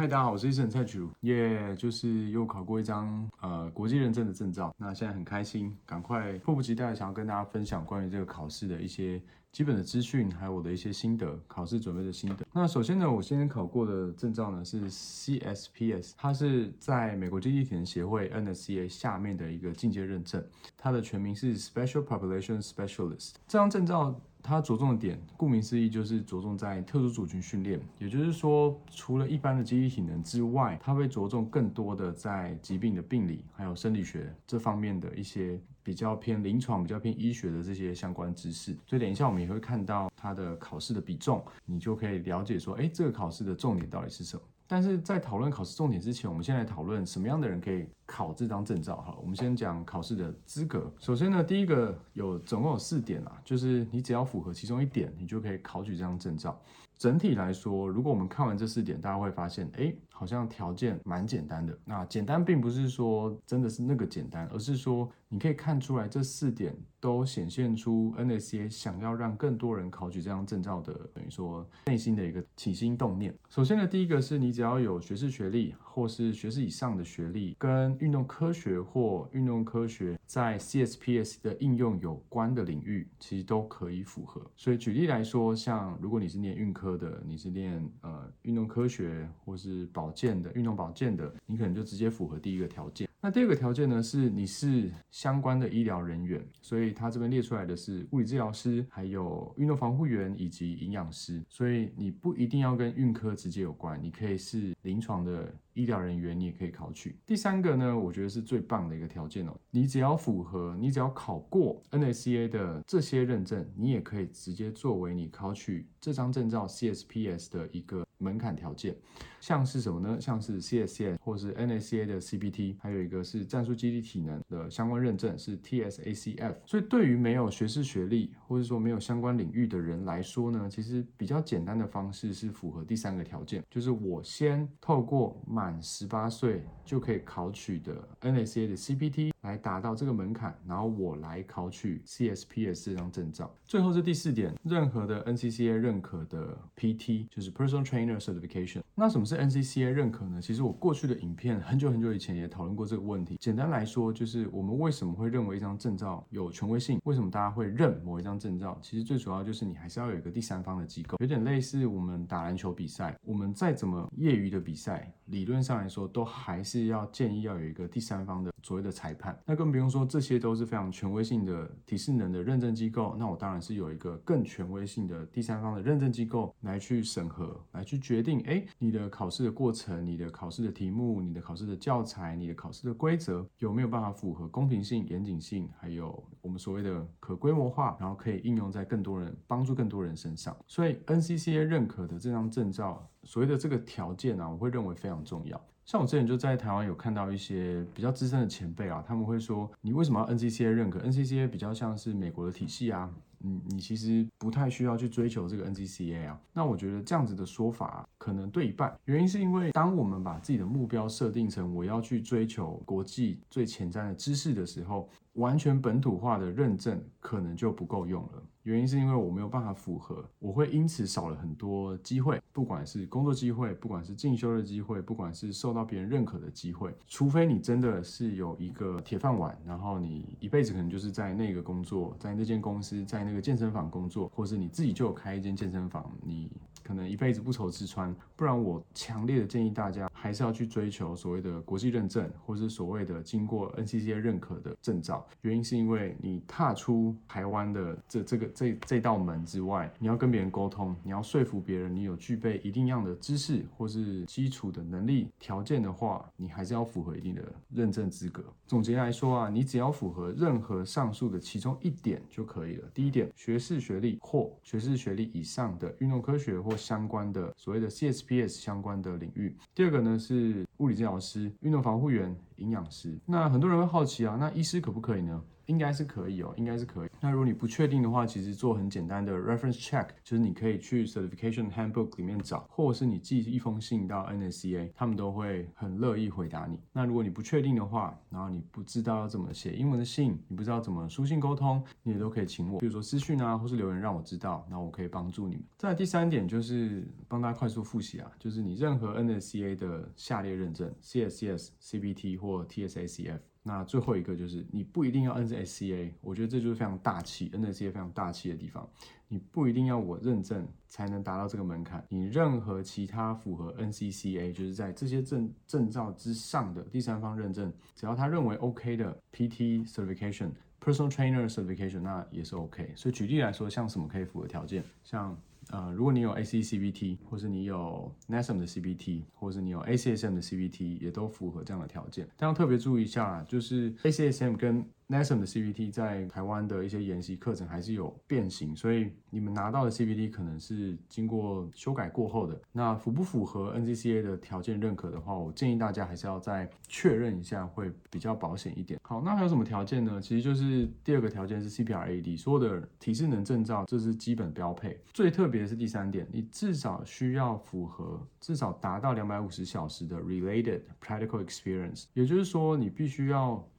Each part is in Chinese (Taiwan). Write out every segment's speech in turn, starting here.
嗨，Hi, 大家好，我是 Eason 蔡奇儒，也、yeah, 就是又考過一張呃國際認證的證照，那現在很開心，趕快迫不及待想要跟大家分享關於這個考試的一些基本的資訊，還有我的一些心得，考試準備的心得。那首先呢，我先前考過的證照呢是 CSPS，它是在美國肌力體能協會 NSCA 下面的一個進階認證，它的全名是 Spe Pop Special Population Specialist。這張證照。它着重的點，顧名思義就是着重在特殊族群訓練，也就是說，除了一般的肌力體能之外，它會着重更多的在疾病的病理還有生理學這方面的一些比較偏臨床，比較偏醫學的這些相關知識。所以等一下我們也會看到它的考試的比重，你就可以了解說，哎，這個考試的重點到底是什麼？但是在討論考試重點之前，我們先來討論什麼樣的人可以考這張證照哈。我們先講考試的資格。首先呢，第一個有總共有四點啊，就是你只要符合其中一點，你就可以考取這張證照。整體來說，如果我們看完這四點，大家會發現，哎、欸。好像條件蠻簡單的，那簡單並不是說真的是那個簡單，而是說你可以看出來這四點都顯現出 NSCA 想要讓更多人考取這張證照的，等於說內心的一個起心動念。首先呢，第一個是你只要有學士學歷或是學士以上的學歷，跟運動科學或運動科學在 CSPS 的應用有關的領域，其實都可以符合。所以舉例來說，像如果你是念運科的，你是念呃運動科學或是保健的，運動保健的，你可能就直接符合第一個條件。那第二個條件呢，是你是相關的醫療人員，所以它這邊列出來的是物理治療師，還有運動防護員以及營養師，所以你不一定要跟運科直接有關，你可以是臨床的醫療人員，你也可以考取。第三個呢，我覺得是最棒的一個條件哦、喔，你只要符合，你只要考過 NSCA 的這些認證，你也可以直接作為你考取這張證照 CSPS 的一個門檻條件，像是什麼呢？像是 CSCS 或是 NSCA 的 CPT，還有一個。一個是戰術基地體能的相關認證是 TSACF，所以對於沒有學士學歷或者說沒有相關領域的人來說呢，其實比較簡單的方式是符合第三個條件，就是我先透過滿十八歲就可以考取的 NSA 的 CPT。來達到這個門檻，然後我來考取 CSPS 這張證照。最後是第四點，任何的 NCCA 認可的 PT，就是 Personal Trainer Certification。那什麼是 NCCA 認可呢？其實我過去的影片很久很久以前也討論過這個問題。簡單來說，就是我們為什麼會認為一張證照有權威性？為什麼大家會認某一張證照？其實最主要就是你還是要有一個第三方的機構，有點類似我們打籃球比賽，我們再怎麼業餘的比賽，理論上來說都還是要建議要有一個第三方的所謂的裁判。那更不用說，這些都是非常權威性的、體適能的認證機構。那我當然是有一個更權威性的第三方的認證機構來去審核，來去決定，哎，你的考試的過程、你的考試的題目、你的考試的教材、你的考試的規則有沒有辦法符合公平性、嚴謹性，還有我們所謂的可規模化，然後可以應用在更多人、幫助更多人身上。所以，NCCA 認可的這張證照，所謂的這個條件呢、啊，我會認為非常重要。像我之前就在台灣有看到一些比較資深的前輩啊，他們會說：“你為什麼要 NCCA 認可？NCCA 比較像是美國的體系啊，你、嗯、你其實不太需要去追求這個 NCCA 啊。”那我覺得這樣子的說法、啊、可能對一半，原因是因為當我們把自己的目標設定成我要去追求國際最前瞻的知識的時候，完全本土化的認證可能就不夠用了。原因是因為我沒有辦法符合，我會因此少了很多機會，不管是工作機會，不管是進修的機會，不管是受到別人認可的機會，除非你真的是有一個鐵飯碗，然後你一輩子可能就是在那個工作，在那間公司，在那個健身房工作，或是你自己就有開一間健身房，你。可能一輩子不愁吃穿，不然我強烈的建議大家還是要去追求所謂的國際認證，或是所謂的經過 NCCA 認可的證照。原因是因為你踏出台灣的這這個這這道門之外，你要跟別人溝通，你要說服別人，你有具備一定樣的知識或是基礎的能力條件的話，你還是要符合一定的認證資格。總結來說啊，你只要符合任何上述的其中一點就可以了。第一點，學士學歷或學士學歷以上的運動科學或相關的所謂的 CSPS 相關的領域。第二個呢，是物理治療師、運動防護員、營養師。那很多人會好奇啊，那醫師可不可以呢？應該是可以哦，應該是可以。那如果你不確定的話，其實做很簡單的 reference check，就是你可以去 certification handbook 裡面找，或者是你寄一封信到 NSCA，他們都會很樂意回答你。那如果你不確定的話，然後你不知道要怎麼寫英文的信，你不知道怎麼書信溝通，你也都可以請我，比如說私訊啊，或是留言讓我知道，然後我可以幫助你們。再來第三點就是幫大家快速複習啊，就是你任何 NSCA 的下列認證，CSCS，CBT 或 TSACF。那最後一個就是，你不一定要 NSCA，我覺得這就是非常大氣，NSCA 非常大氣的地方。你不一定要我認證才能達到這個門檻，你任何其他符合 NCCA，就是在這些證證照之上的第三方認證，只要他認為 OK 的 PT certification、personal trainer certification，那也是 OK。所以舉例來說，像什麼可以符合條件？像呃，如果你有 ACE CPT，或是你有 NASM 的 CPT，或是你有 ACSM 的 CPT，也都符合這樣的條件。但要特別注意一下，就是 ACSM 跟 NASM 的 CPT 在台灣的一些研習課程還是有變形，所以你們拿到的 CPT 可能是經過修改過後的。那符不符合 NCCA 的條件認可的話，我建議大家還是要再確認一下，會比較保險一點。好，那還有什麼條件呢？其實就是第二個條件是 CPR/AED，所有的體適能證照這是基本標配。最特別的是第三點，你至少需要符合至少達到兩百五十小時的 related practical experience，也就是說你必須要。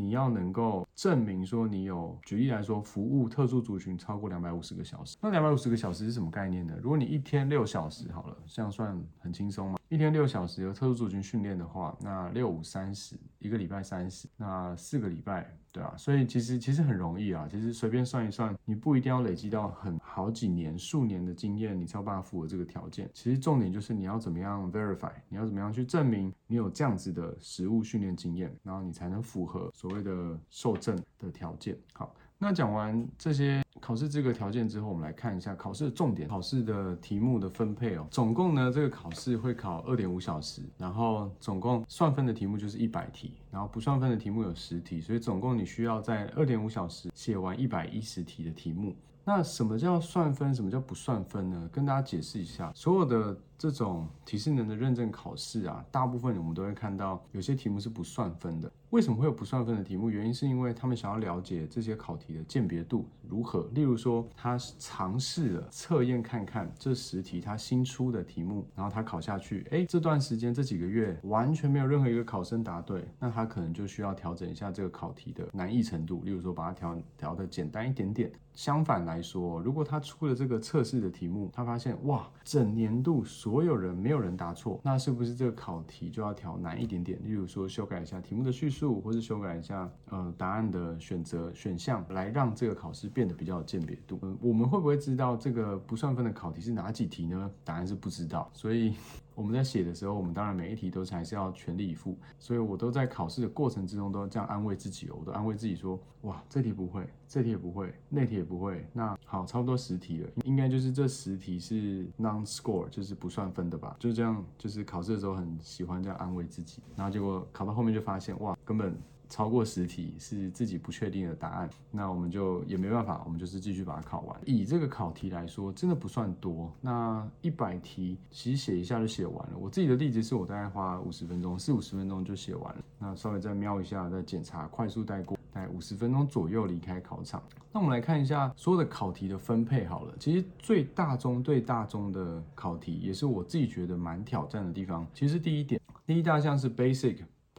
你要能夠證明說你有，舉例來說，服務特殊族群超過兩百五十個小時。那兩百五十個小時是什麼概念呢？如果你一天六小時好了，這樣算很輕鬆嘛？一天六小時有特殊族群訓練的話，那六五三十，一個禮拜三十，那四個禮拜，對啊。所以其實其實很容易啊，其實隨便算一算，你不一定要累積到很好幾年數年的經驗，你才有辦法符合這個條件。其實重點就是你要怎麼樣 verify，你要怎麼樣去證明你有這樣子的實務訓練經驗，然後你才能符合所。所謂的授證的條件，好，那講完這些考試資格條件之後，我們來看一下考試的重點、考試的題目的分配哦。總共呢，這個考試會考二點五小時，然後總共算分的題目就是一百題，然後不算分的題目有十題，所以總共你需要在二點五小時寫完一百一十題的題目。那什麼叫算分？什麼叫不算分呢？跟大家解釋一下，所有的這種體適能的認證考試啊，大部分我們都會看到有些題目是不算分的。為什麼會有不算分的題目？原因是因為他們想要了解這些考題的鑑別度如何。例如說，他嘗試了測驗看看這十題他新出的題目，然後他考下去，哎，這段時間這幾個月完全沒有任何一個考生答對，那他可能就需要調整一下這個考題的難易程度，例如說把它調調得簡單一點點。相反來說，如果他出了這個測試的題目，他發現哇，整年度所有人沒有人答錯，那是不是這個考題就要調難一點點？例如說修改一下題目的敘述，或是修改一下呃答案的選擇選項，來讓這個考試變得比較有鑑別度。嗯、呃，我們會不會知道這個不算分的考題是哪幾題呢？答案是不知道，所以。我們在寫的時候，我們當然每一題都還是要全力以赴，所以我都在考試的過程之中都這樣安慰自己哦，我都安慰自己說，哇，這題不會，這題也不會，那題也不會，那好，差不多十題了，應該就是這十題是 non score，就是不算分的吧，就這樣，就是考試的時候很喜歡這樣安慰自己，然後結果考到後面就發現，哇，根本。超過十題是自己不確定的答案，那我們就也沒辦法，我們就是繼續把它考完。以這個考題來說，真的不算多。那一百題其實寫一下就寫完了。我自己的例子是我大概花五十分鐘，四五十分鐘就寫完了。那稍微再瞄一下，再檢查，快速帶過，大概五十分鐘左右離開考場。那我們來看一下所有的考題的分配好了。其實最大宗最大宗的考題也是我自己覺得蠻挑戰的地方。其實第一點，第一大項是 basic。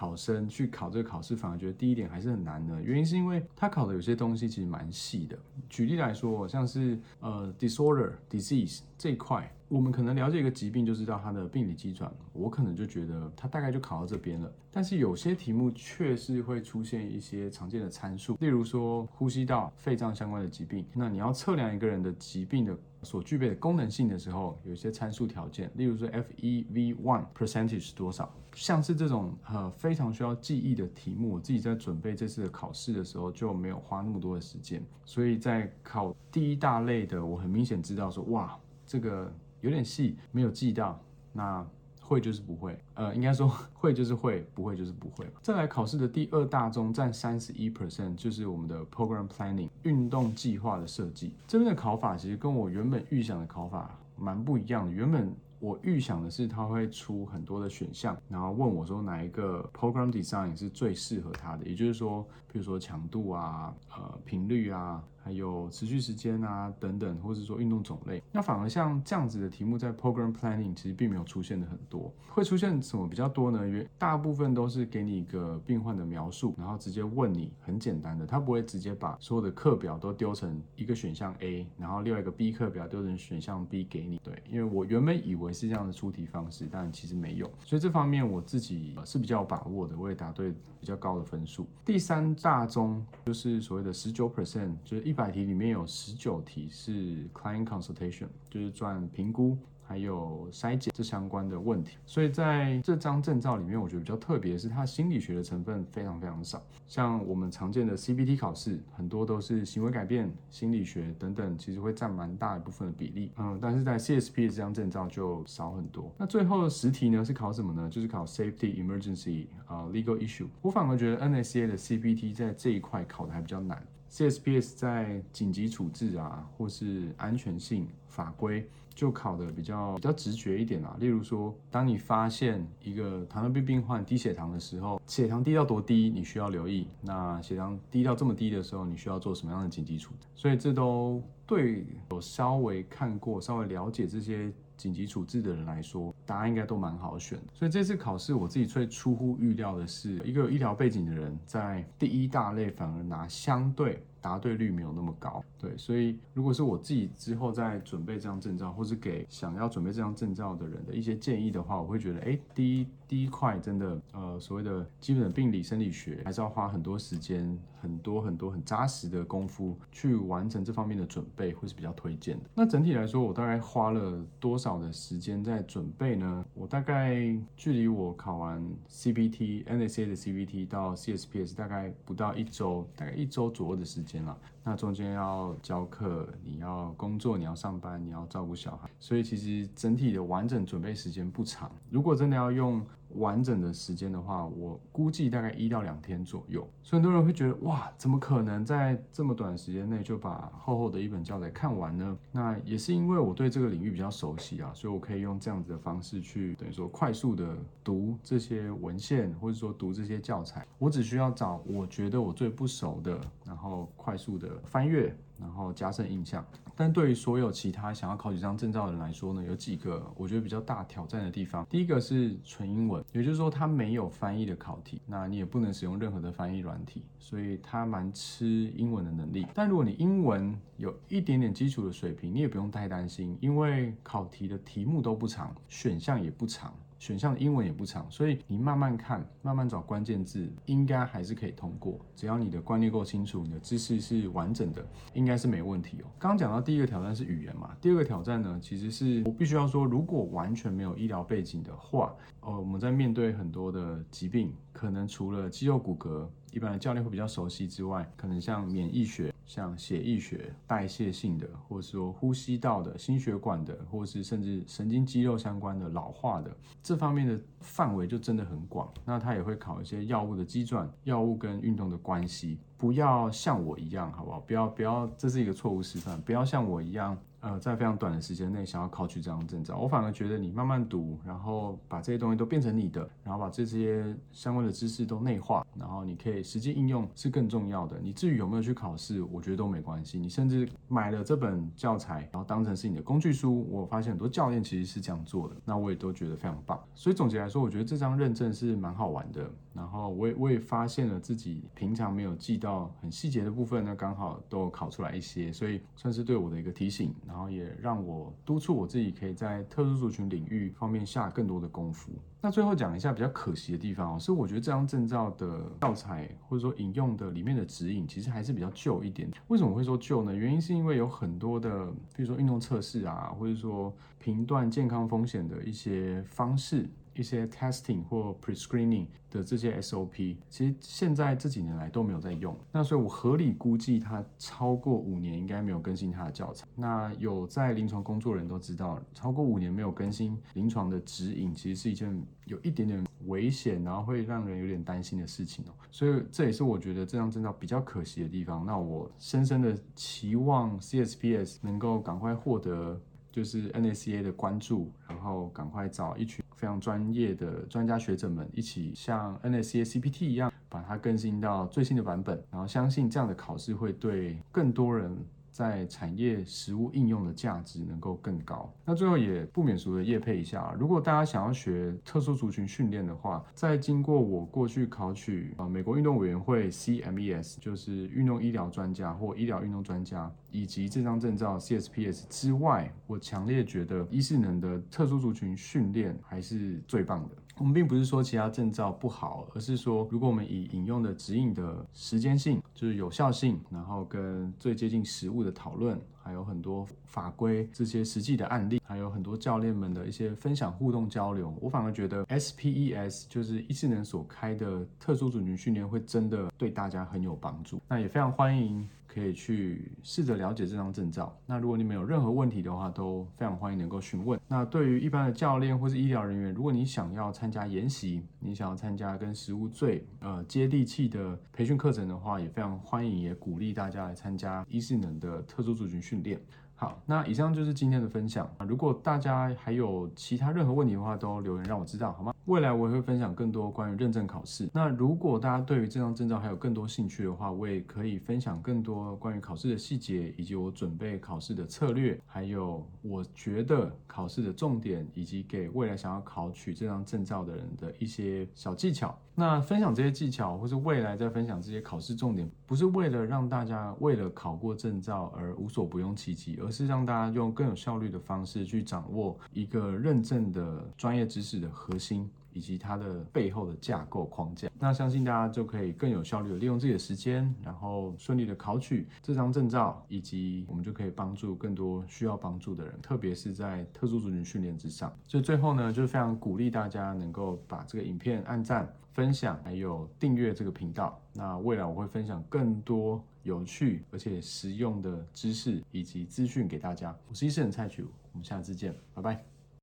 考生去考這個考試，反而覺得第一點還是很難的。原因是因為他考的有些東西其實蠻細的。舉例來說，像是呃 disorder disease 這一塊，我們可能了解一個疾病就知道它的病理機轉，我可能就覺得它大概就考到這邊了。但是有些題目確實會出現一些常見的參數，例如說呼吸道、肺臟相關的疾病，那你要測量一個人的疾病的。所具備的功能性的時候，有一些參數條件，例如說 FEV1 percentage 是多少，像是這種呃非常需要記憶的題目，我自己在準備這次的考試的時候就沒有花那麼多的時間，所以在考第一大類的，我很明顯知道說，哇，這個有點細，沒有記到，那。會就是不會，呃，應該說，會就是會，不會就是不會。再來，考試的第二大宗佔三十一 percent，就是我們的 program planning 運動計劃的設計。這邊的考法其實跟我原本預想的考法蠻不一樣的。原本我預想的是它會出很多的選項，然後問我說哪一個 program design 是最適合他的。也就是說，比如說強度啊，呃，頻率啊。還有持續時間啊等等，或者說運動種類，那反而像這樣子的題目在 program planning 其實並沒有出現的很多，會出現什麼比較多呢？因為大部分都是給你一個病患的描述，然後直接問你很簡單的，他不會直接把所有的課表都丟成一個選項 A，然後另外一個 B 課表丟成選項 B 給你。對，因為我原本以為是這樣的出題方式，但其實沒有，所以這方面我自己是比較有把握的，我也答對比較高的分數。第三大宗就是所謂的十九 percent，就是。一百題裡面有十九題是 client consultation，就是賺評估還有篩檢這相關的問題。所以在這張證照裡面，我覺得比較特別的是它心理學的成分非常非常少。像我們常見的 CPT 考試，很多都是行為改變、心理學等等，其實會占蠻大一部分的比例。嗯，但是在 CSP 的這張證照就少很多。那最後的十題呢，是考什麼呢？就是考 safety emergency 啊、uh, legal issue。我反而覺得 NSCA 的 CPT 在這一塊考的還比較難。CSPS 在緊急處置啊，或是安全性法規就考得比較比較直覺一點啊，例如說，當你發現一個糖尿病病患低血糖的時候，血糖低到多低，你需要留意。那血糖低到這麼低的時候，你需要做什麼樣的緊急處置？所以這都對有稍微看過、稍微了解這些。緊急處置的人來說，答案應該都蠻好選的。所以這次考試，我自己最出乎預料的是，一個有醫療背景的人在第一大類反而拿相對答對率沒有那麼高。對，所以如果是我自己之後再準備這張證照，或是給想要準備這張證照的人的一些建議的話，我會覺得，誒、欸，第一。第一塊真的，呃，所謂的基本的病理生理學，還是要花很多時間，很多很多很扎實的功夫去完成這方面的準備，會是比較推薦的。那整體來說，我大概花了多少的時間在準備呢？我大概距離我考完 CPT NSCA 的 CPT 到 CSPS，大概不到一周，大概一周左右的時間了。那中間要教課，你要工作，你要上班，你要照顧小孩，所以其實整體的完整準備時間不長。如果真的要用，完整的時間的話，我估計大概一到兩天左右。所以很多人會覺得，哇，怎麼可能在這麼短的時間內就把厚厚的一本教材看完呢？那也是因為我對這個領域比較熟悉啊，所以我可以用這樣子的方式去，等於說快速的讀這些文獻，或者說讀這些教材。我只需要找我覺得我最不熟的。然後快速的翻閱，然後加深印象。但對於所有其他想要考取這張證照的人來說呢，有幾個我覺得比較大挑戰的地方。第一個是純英文，也就是說它沒有翻譯的考題，那你也不能使用任何的翻譯軟體，所以它蠻吃英文的能力。但如果你英文有一點點基礎的水平，你也不用太擔心，因為考題的題目都不長，選項也不長。選項的英文也不長，所以你慢慢看，慢慢找關鍵字，應該還是可以通過。只要你的觀念夠清楚，你的知識是完整的，應該是沒問題哦。剛剛講到第一個挑戰是語言嘛，第二個挑戰呢，其實是我必須要說，如果完全沒有醫療背景的話，呃，我們在面對很多的疾病，可能除了肌肉骨骼。一般的教練會比較熟悉之外，可能像免疫學、像血液學、代謝性的，或者說呼吸道的、心血管的，或者是甚至神經肌肉相關的、老化的這方面的範圍就真的很廣。那他也會考一些藥物的機轉、藥物跟運動的關係。不要像我一樣，好不好？不要不要，這是一個錯誤示範。不要像我一樣。呃，在非常短的時間內想要考取這張證照，我反而覺得你慢慢讀，然後把這些東西都變成你的，然後把這些相關的知識都內化，然後你可以實際應用是更重要的。你至於有沒有去考試，我覺得都沒關係。你甚至買了這本教材，然後當成是你的工具書，我發現很多教練其實是這樣做的，那我也都覺得非常棒。所以總結來說，我覺得這張認證是蠻好玩的。然後我也我也發現了自己平常沒有記到很細節的部分呢，剛好都考出來一些，所以算是對我的一個提醒。然後也讓我督促我自己，可以在特殊族群領域方面下更多的功夫。那最後講一下比較可惜的地方哦，是我覺得這張證照的教材或者說引用的裡面的指引，其實還是比較舊一點。為什麼會說舊呢？原因是因為有很多的，比如說運動測試啊，或者說評斷健康風險的一些方式。一些 testing 或 pre-screening 的這些 SOP，其實現在這幾年來都沒有在用。那所以我合理估計，它超過五年應該沒有更新它的教材。那有在臨床工作人都知道，超過五年沒有更新臨床的指引，其實是一件有一點點危險，然後會讓人有點擔心的事情哦。所以這也是我覺得這張證照比較可惜的地方。那我深深的期望 CSPS 能夠趕快獲得。就是 NSCA 的關注，然後趕快找一群非常專業的專家學者們一起，像 NSCA CPT 一樣，把它更新到最新的版本，然後相信這樣的考試會對更多人。在產業實務應用的價值能夠更高。那最後也不免俗的業配一下，如果大家想要學特殊族群訓練的話，在經過我過去考取啊美國運動委員會 CMES，就是運動醫療專家或醫療運動專家，以及這張證照 CSPS 之外，我強烈覺得醫適能的特殊族群訓練還是最棒的。我們並不是說其他證照不好，而是說，如果我們以引用的指引的時間性，就是有效性，然後跟最接近實務的討論。還有很多法規、這些實際的案例，還有很多教練們的一些分享、互動交流。我反而覺得 SPES 就是醫適能所開的特殊族群訓練，會真的對大家很有幫助。那也非常歡迎可以去試着了解這張證照。那如果你們有任何問題的話，都非常歡迎能夠詢問。那對於一般的教練或是醫療人員，如果你想要參加研習，你想要參加跟實務最呃接地氣的培訓課程的話，也非常歡迎，也鼓勵大家來參加醫適能的特殊族群訓練。訓練。好，那以上就是今天的分享啊。如果大家還有其他任何問題的話，都留言讓我知道好嗎？未來我也會分享更多關於認證考試。那如果大家對於這張證照還有更多興趣的話，我也可以分享更多關於考試的細節，以及我準備考試的策略，還有我覺得考試的重點，以及給未來想要考取這張證照的人的一些小技巧。那分享這些技巧，或是未來再分享這些考試重點，不是為了讓大家為了考過證照而無所不用其極，而是讓大家用更有效率的方式去掌握一個認證的專業知識的核心，以及它的背後的架構框架。那相信大家就可以更有效率的利用自己的時間，然後順利的考取這張證照，以及我們就可以幫助更多需要幫助的人，特別是在特殊族群訓練之上。所以最後呢，就是非常鼓勵大家能夠把這個影片按讚。分享還有訂閱這個頻道，那未來我會分享更多有趣而且實用的知識以及資訊給大家。我是醫適能蔡奇儒，我們下次見，拜拜。